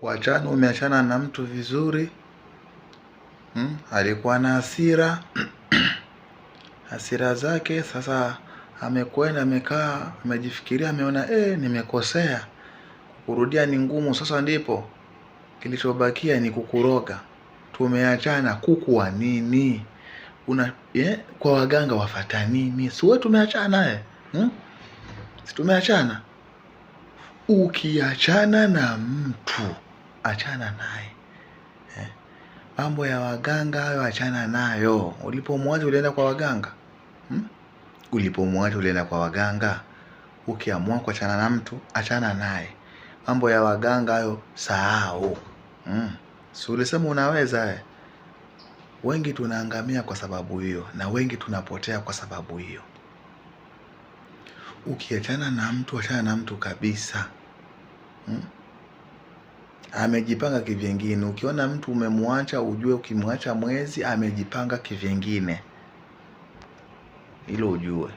kuachana, umeachana na mtu vizuri hmm? alikuwa na hasira hasira zake, sasa amekwenda amekaa, amejifikiria, ameona eh, nimekosea. Kurudia ni ngumu. Sasa ndipo kilichobakia ni kukuroga. Tumeachana kukuwa nini? Una eh, kwa waganga wafata nini? si wewe tumeachana eh? hmm? si tumeachana. Ukiachana na mtu achana naye eh. Mambo ya waganga hayo achana nayo. Ulipomwacha ulienda kwa waganga hmm? Ulipomwacha ulienda kwa waganga. Ukiamua kuachana na mtu achana naye. Mambo ya waganga hayo sahau hmm. Si ulisema unaweza we? Eh? Wengi tunaangamia kwa sababu hiyo, na wengi tunapotea kwa sababu hiyo. Ukiachana na mtu achana na mtu kabisa hmm? amejipanga kivyengine. Ukiona mtu umemwacha, ujue ukimwacha mwezi amejipanga kivyengine, hilo ujue.